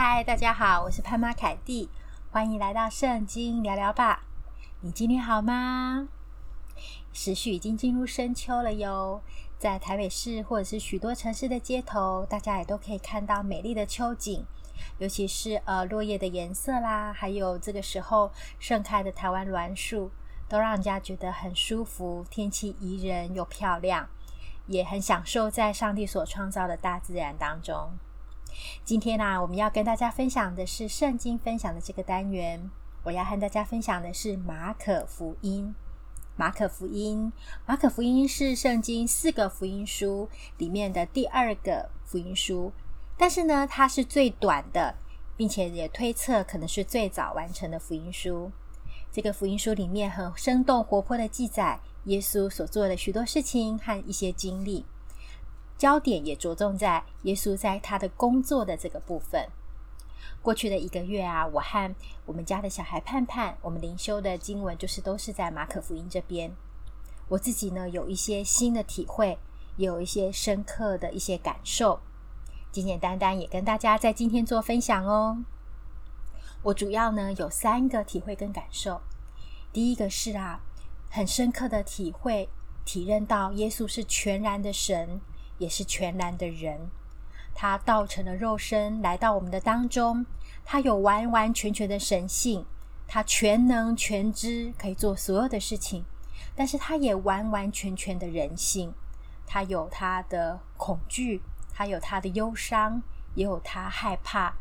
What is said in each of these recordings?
嗨，大家好，我是潘媽凱蒂，歡迎來到聖經聊聊吧。你今天好嗎？時序已經進入深秋了喲，在台北市或者是許多城市的街頭，大家也都可以看到美麗的秋景，尤其是呃落葉的顏色啦，還有這個時候盛開的台灣欒樹，都讓人家覺得很舒服，天氣宜人又漂亮，也很享受在上帝所創造的大自然當中。今天吶、啊，我們要跟大家分享的是聖經分享的這個單元。我要和大家分享的是馬可福音。馬可福音，馬可福音是聖經四個福音書裡面的第二個福音書，但是呢，它是最短的，並且也推測可能是最早完成的福音書。這個福音書裡面很生動活潑的記載耶穌所做的許多事情和一些經歷。焦點也着重在耶穌在他的工作的這個部分。過去的一個月啊，我和我們家的小孩盼盼，我們靈修的經文就是都是在馬可福音這邊。我自己呢，有一些新的體會，也有一些深刻的一些感受。簡簡單單也跟大家在今天做分享哦。我主要呢，有三個體會跟感受。第一個是啊，很深刻的體會，體認到耶穌是全然的神。也是全然的人，他道成了肉身來到我們的當中。他有完完全全的神性，他全能全知，可以做所有的事情。但是他也完完全全的人性，他有他的恐懼，他有他的憂傷，也有他害怕、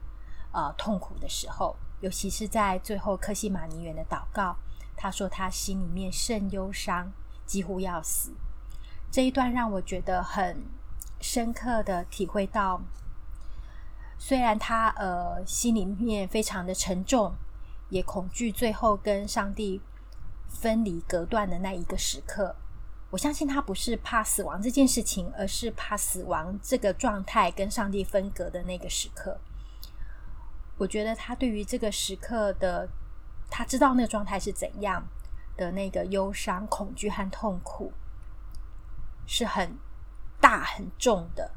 呃痛苦的時候。尤其是在最後客西馬尼園的禱告，他說他心裡面甚憂傷，幾乎要死。這一段讓我覺得很。深刻的體會到，雖然他呃心裡面非常的沉重，也恐懼最後跟上帝分離隔斷的那一個時刻。我相信他不是怕死亡這件事情，而是怕死亡這個狀態跟上帝分隔的那個時刻。我覺得他對於這個時刻的，他知道那個狀態是怎樣的那個憂傷、恐懼和痛苦，是很大很重的，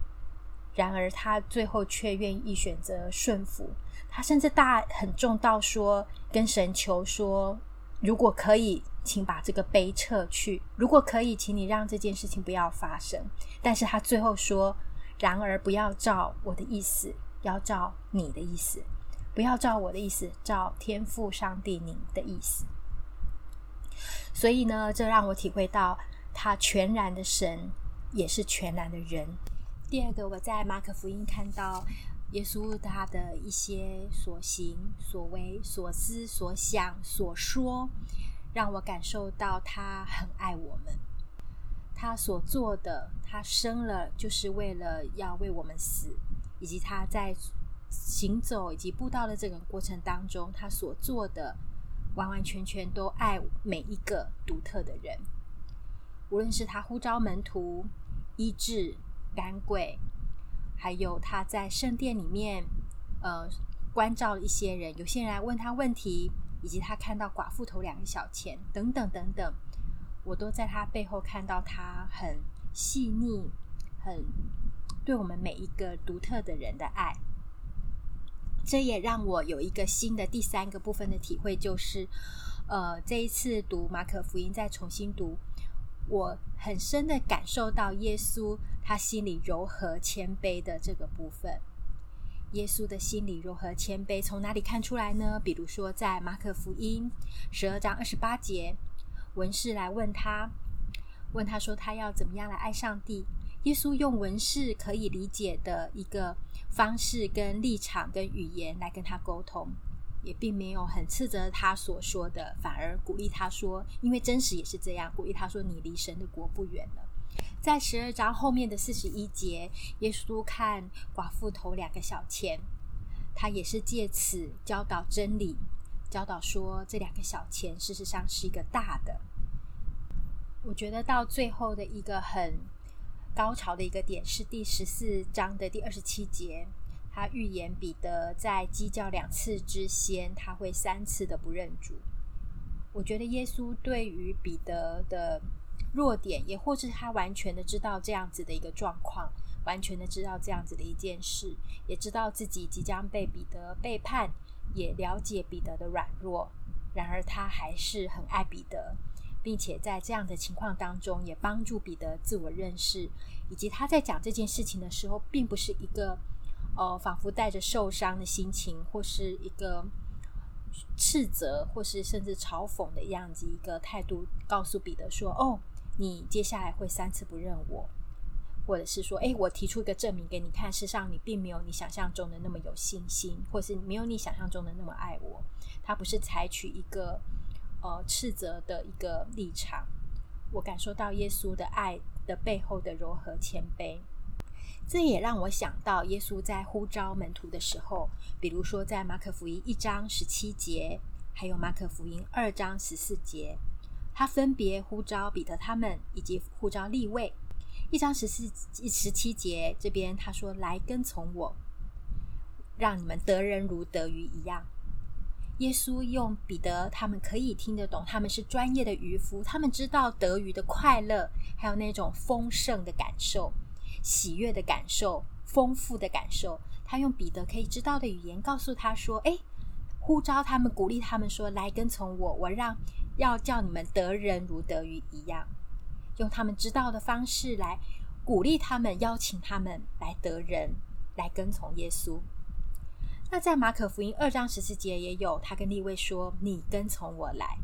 然而他最後卻願意選擇順服。他甚至大很重到說，跟神求說：“如果可以，請把這個杯撤去；如果可以，請你讓這件事情不要發生。”但是，他最後說：“然而，不要照我的意思，要照你的意思，不要照我的意思，照天父上帝您的意思。”所以呢，這讓我體會到他全然的神。也是全然的人。第二個，我在馬可福音看到耶穌他的一些所行、所為、所思、所想、所說，讓我感受到他很愛我們。他所做的，他生了就是為了要為我們死，以及他在行走以及佈道的這個過程當中，他所做的完完全全都愛每一個獨特的人。無論是他呼召門徒、醫治趕鬼，還有他在聖殿裡面，呃，關照一些人，有些人來問他問題，以及他看到寡婦投兩個小錢等等等等，我都在他背後看到他很細膩、很對我們每一個獨特的人的愛。這也讓我有一個新的第三個部分的體會，就是，呃，這一次讀馬可福音再重新讀。我很深的感受到耶穌他心裡柔和謙卑的這個部分。耶穌的心裡柔和謙卑從哪裡看出來呢？比如說在馬可福音十二章二十八節，文士來問他，問他說他要怎麼樣來愛上帝。耶穌用文士可以理解的一個方式跟立場跟語言來跟他溝通。也並沒有很斥責他所說的，反而鼓勵他說：“因為真實也是這樣。”鼓勵他說：“你離神的國不遠了。”在十二章後面的四十一節，耶穌看寡婦投兩個小錢，他也是借此教導真理，教導說這兩個小錢事實上是一個大的。我覺得到最後的一個很高潮的一個點是第十四章的第二十七節。他預言彼得在雞叫兩次之前，他會三次的不認主。我覺得耶穌對於彼得的弱點，也或是他完全的知道這樣子的一個狀況，完全的知道這樣子的一件事，也知道自己即將被彼得背叛，也了解彼得的軟弱。然而，他還是很愛彼得，並且在這樣的情況當中，也幫助彼得自我認識。以及他在講這件事情的時候，並不是一個。呃，仿佛帶着受傷的心情，或是一個斥責，或是甚至嘲諷的樣子，一個態度告訴彼得說：“哦，你接下來會三次不認我。”或者是說：“誒，我提出一個證明給你看，事實上你並沒有你想象中的那麼有信心，或是沒有你想象中的那麼愛我。”他不是採取一個呃斥責的一個立場，我感受到耶穌的愛的背後的柔和謙卑。這也讓我想到，耶穌在呼召門徒的時候，比如說在馬可福音一章十七節，還有馬可福音二章十四節，他分別呼召彼得他們以及呼召利未。一章十四、十七節這邊他說：“來跟從我，讓你們得人如得魚一樣。”耶穌用彼得他們可以聽得懂，他們是專業的漁夫，他們知道得魚的快樂，還有那種豐盛的感受。喜悅的感受，豐富的感受。他用彼得可以知道的語言告訴他說：“哎，呼召他們，鼓勵他們說，來跟從我，我讓要叫你們得人如得魚一樣，用他們知道的方式來鼓勵他們，邀請他們來得人，來跟從耶穌。那在馬可福音二章十四節也有，他跟利未說：‘你跟從我來。’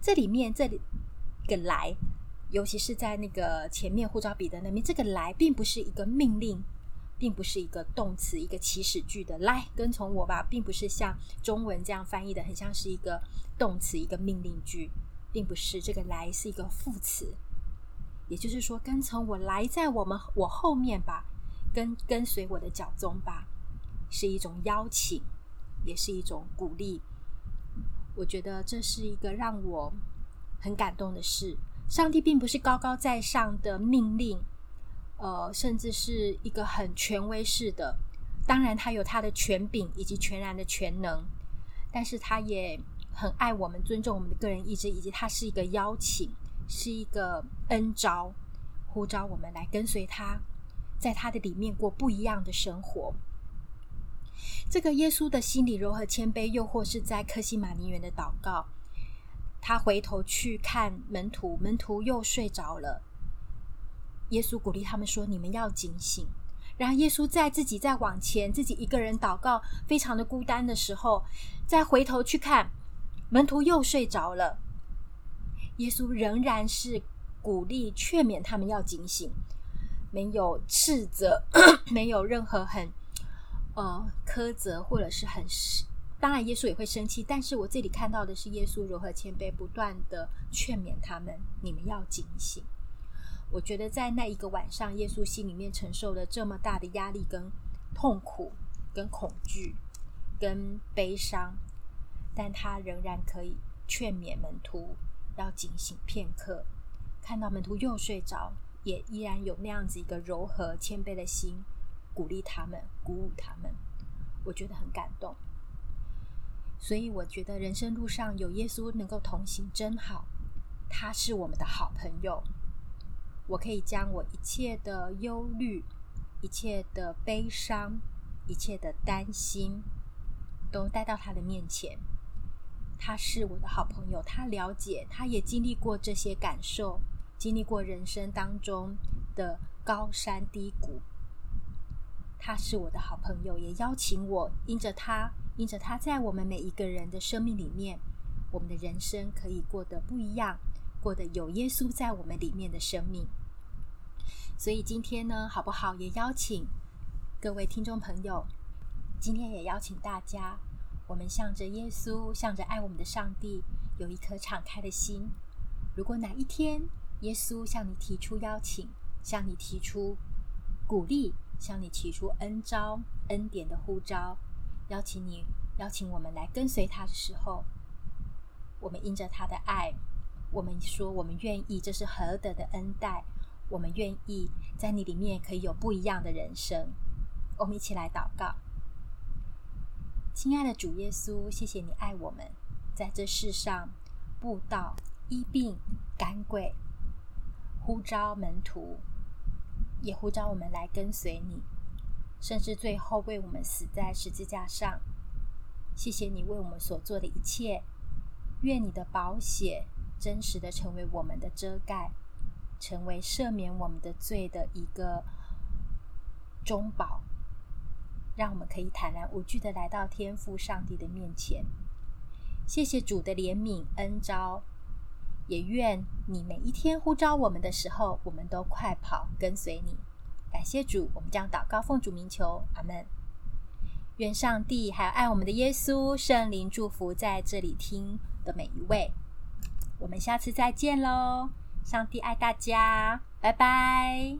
這裡面這個來。”尤其是在那個前面呼召彼得那邊，這個「來」並不是一個命令，並不是一個動詞、一個祈使句的「來」跟從我吧，並不是像中文這樣翻譯的，很像是一個動詞、一個命令句，並不是這個「來」是一個副詞。也就是說，跟從我來，在我們我後面吧，跟跟隨我的腳蹤吧，是一種邀請，也是一種鼓勵。我覺得這是一個讓我很感動的事。上帝並不是高高在上的命令，呃，甚至是一個很權威式的。當然，他有他的權柄以及全然的全能，但是他也很愛我們，尊重我們的個人意志，以及他是一個邀請，是一個恩召，呼召我們來跟隨他，在他的裡面過不一樣的生活。這個耶穌的心裡柔和謙卑，又或是在客西馬尼園的禱告。他回頭去看門徒，門徒又睡着了。耶穌鼓勵他們說：“你們要警醒。”然後耶穌在自己再往前，自己一個人禱告，非常的孤單的時候，再回頭去看，門徒又睡着了。耶穌仍然是鼓勵勸勉他們要警醒，沒有斥責，沒有任何很呃苛責或者是很。當然，耶穌也會生氣，但是我這裡看到的是耶穌如何謙卑，不斷地勸勉他們：你們要警醒。我覺得在那一個晚上，耶穌心裡面承受了這麼大的壓力、跟痛苦、跟恐懼、跟悲傷，但他仍然可以勸勉門徒要警醒片刻。看到門徒又睡着，也依然有那樣子一個柔和、謙卑的心，鼓勵他們、鼓舞他們。我覺得很感動。所以我覺得人生路上有耶穌能夠同行真好，他是我們的好朋友。我可以將我一切的憂慮、一切的悲傷、一切的擔心，都帶到他的面前。他是我的好朋友，他了解，他也經歷過這些感受，經歷過人生當中的高山低谷。他是我的好朋友，也邀請我因着他。因着他，在我們每一個人的生命裡面，我們的人生可以過得不一樣，過得有耶穌在我們裡面的生命。所以今天呢，好不好？也邀請各位聽眾朋友，今天也邀請大家，我們向着耶穌，向着愛我們的上帝，有一顆敞開的心。如果哪一天耶穌向你提出邀請，向你提出鼓勵，向你提出恩招、恩典的呼召。邀請你，邀請我們來跟隨他的時候，我們因着他的愛，我們說我們願意，這是何等的恩待！我們願意在你裡面可以有不一樣的人生。我們，哦，一起來禱告，親愛的主耶穌，謝謝你愛我們，在這世上布道、醫病、趕鬼，呼召門徒，也呼召我們來跟隨你。甚至最後為我們死在十字架上，謝謝你為我們所做的一切。願你的寶血真實的成為我們的遮蓋，成為赦免我們的罪的一個中保，讓我們可以坦然無懼的來到天父上帝的面前。謝謝主的憐憫恩召，也願你每一天呼召我們的時候，我們都快跑跟隨你。感謝主，我們將禱告奉主名求，阿門。願上帝還有愛我們的耶穌、聖靈祝福在這裡聽的每一位。我們下次再見嘍！上帝愛大家，拜拜。